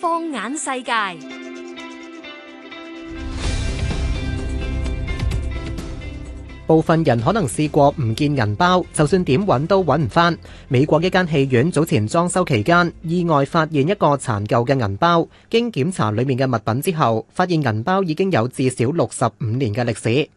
放眼世界，部分人可能試過唔見銀包，就算點揾都揾唔返。美國一間戲院早前裝修期間，意外發現一個殘舊嘅銀包，經檢查裏面嘅物品之後，發現銀包已經有至少六十五年嘅歷史。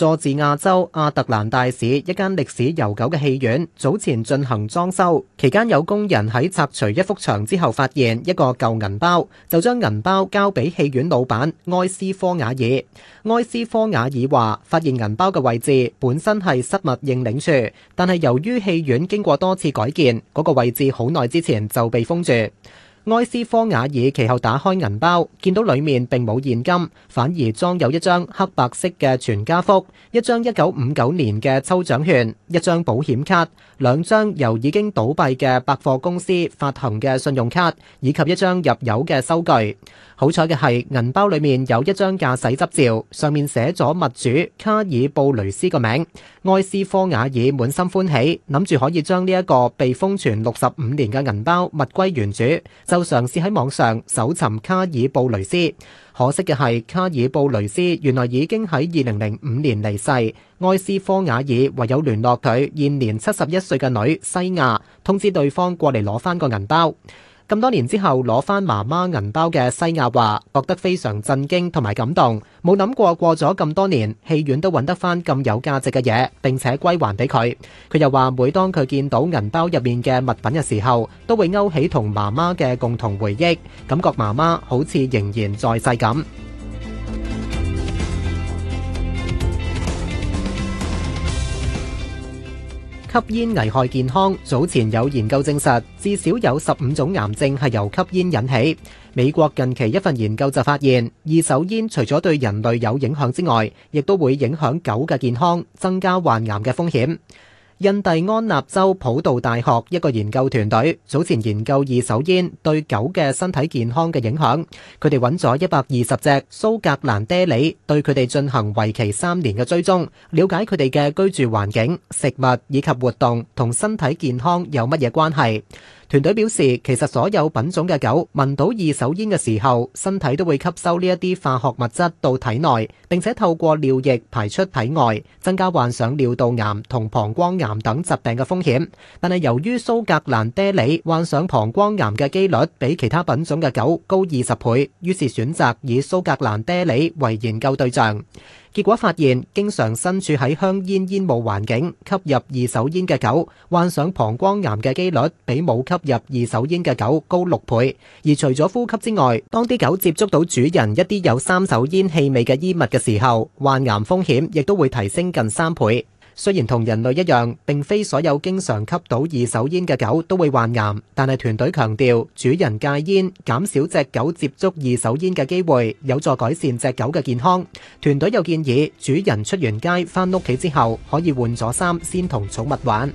佐治亞州亞特蘭大市一間歷史悠久嘅戲院，早前進行裝修，期間有工人喺拆除一幅牆之後，發現一個舊銀包，就將銀包交俾戲院老闆埃斯科瓦爾。埃斯科瓦爾話：發現銀包嘅位置本身係失物認領處，但係由於戲院經過多次改建，嗰個位置好耐之前就被封住。埃斯科瓦爾其後打開銀包，見到裏面並冇現金，反而裝有一張黑白色嘅全家福、一張1959年嘅抽獎券、一張保險卡、兩張由已經倒閉嘅百貨公司發行嘅信用卡，以及一張入油嘅收據。好彩嘅係銀包裏面有一張駕駛執照，上面寫咗物主卡爾布雷斯個名。埃斯科瓦爾滿心歡喜，諗住可以將呢一個被封存65就嘗試喺網上搜尋卡爾布雷斯，可惜嘅係，卡爾布雷斯原來已經喺二零零五年離世，埃斯科瓦爾唯有聯絡佢現年七十一歲嘅女西亞，通知對方過嚟攞翻個銀包。咁多年之後攞翻媽媽銀包嘅西亞話，覺得非常震驚同埋感動，冇諗過過咗咁多年，戲院都揾得翻咁有價值嘅嘢，並且歸還俾佢。佢又話，每當佢見到銀包入面嘅物品嘅時候，都會勾起同媽媽嘅共同回憶，感覺媽媽好似仍然在世咁。吸煙危害健康。早前有研究證實，至少有十五種癌症係由吸煙引起。美國近期一份研究就發現，二手煙除咗對人類有影響之外，亦都會影響狗嘅健康，增加患癌嘅風險。印第安納州普渡大學一個研究團隊早前研究二手煙對狗嘅身體健康嘅影響。佢哋揾咗一百二十隻蘇格蘭爹利，對佢哋進行為期三年嘅追蹤，了解佢哋嘅居住環境、食物以及活動同身體健康有乜嘢關係。團隊表示，其實所有品種嘅狗聞到二手煙嘅時候，身體都會吸收呢一啲化學物質到體內，並且透過尿液排出體外，增加患上尿道癌同膀胱癌等疾病嘅風險。但係由於蘇格蘭爹利患上膀胱癌嘅機率比其他品種嘅狗高二十倍，於是選擇以蘇格蘭爹利為研究對象。結果發現，經常身處喺香煙煙霧環境、吸入二手煙嘅狗，患上膀胱癌嘅機率比冇吸入二手煙嘅狗高六倍。而除咗呼吸之外，當啲狗接觸到主人一啲有三手煙氣味嘅衣物嘅時候，患癌風險亦都會提升近三倍。雖然同人類一樣，並非所有經常吸到二手煙嘅狗都會患癌，但係團隊強調，主人戒煙，減少隻狗接觸二手煙嘅機會，有助改善隻狗嘅健康。團隊又建議，主人出完街返屋企之後，可以換咗衫先同寵物玩。